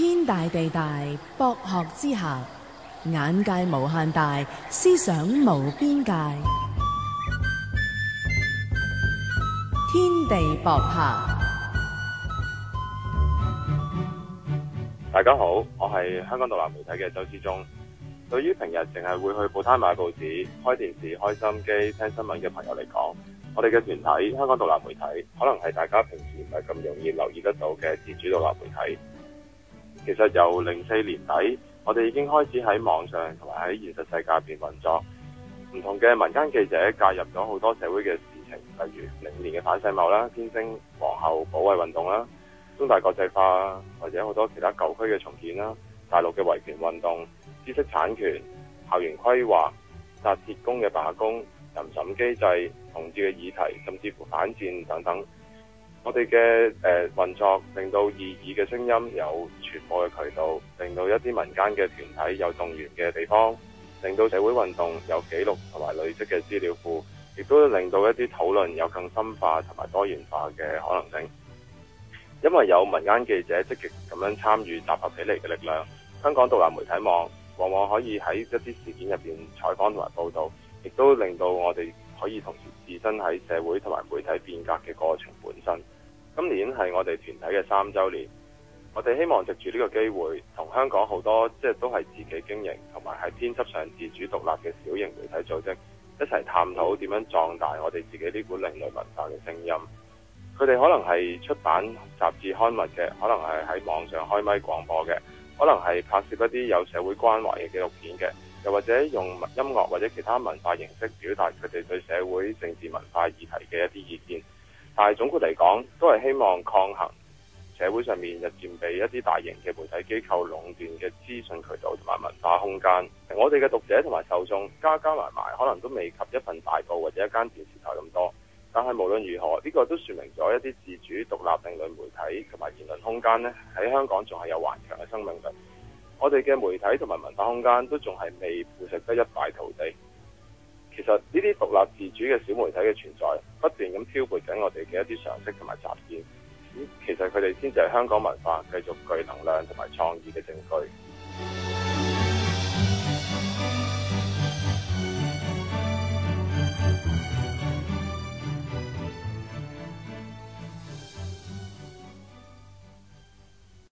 天大地大，博學之下眼界無限大，思想無邊界。天地博客，大家好，我係香港獨立媒體嘅周志忠。對於平日淨係會去報攤買報紙、開電視、開心機聽新聞嘅朋友嚟講，我哋嘅團體香港獨立媒體，可能係大家平時唔係咁容易留意得到嘅自主獨立媒體。其實由零四年底，我哋已經開始喺網上同埋喺現實世界入邊運作，唔同嘅民間記者介入咗好多社會嘅事情，例如零五年嘅反世貿啦、天星皇后保衛運動啦、中大國際化啊，或者好多其他舊區嘅重建啦、大陸嘅維權運動、知識產權、校園規劃、紮鐵工嘅罷工、淫審機制、同志嘅議題，甚至乎反戰等等。我哋嘅誒運作，令到異議嘅聲音有傳播嘅渠道，令到一啲民間嘅團體有動員嘅地方，令到社會運動有紀錄同埋累積嘅資料庫，亦都令到一啲討論有更深化同埋多元化嘅可能性。因為有民間記者積極咁樣參與集合起嚟嘅力量，香港獨立媒體網往往可以喺一啲事件入邊採訪同埋報道，亦都令到我哋可以同時置身喺社會同埋媒體變革嘅過程本身。係我哋團體嘅三周年，我哋希望藉住呢個機會，同香港好多即係都係自己經營，同埋係編輯上自主獨立嘅小型媒體組織，一齊探討點樣壯大我哋自己呢股另類文化嘅聲音。佢哋可能係出版雜誌刊物嘅，可能係喺網上開咪廣播嘅，可能係拍攝一啲有社會關懷嘅紀錄片嘅，又或者用音樂或者其他文化形式表達佢哋對社會政治文化議題嘅一啲意見。但係總括嚟講，都係希望抗衡社會上面日漸被一啲大型嘅媒體機構壟斷嘅資訊渠道同埋文化空間。我哋嘅讀者同埋受眾加加埋埋，可能都未及一份大報或者一間電視台咁多。但係無論如何，呢個都說明咗一啲自主獨立定論媒體同埋言論空間咧，喺香港仲係有頑強嘅生命力。我哋嘅媒體同埋文化空間都仲係未腐蝕得一敗塗地。其實呢啲獨立自主嘅小媒體嘅存在，不斷咁挑撥緊我哋嘅一啲常識同埋雜念，嗯，其實佢哋先至係香港文化繼續具能量同埋創意嘅證據。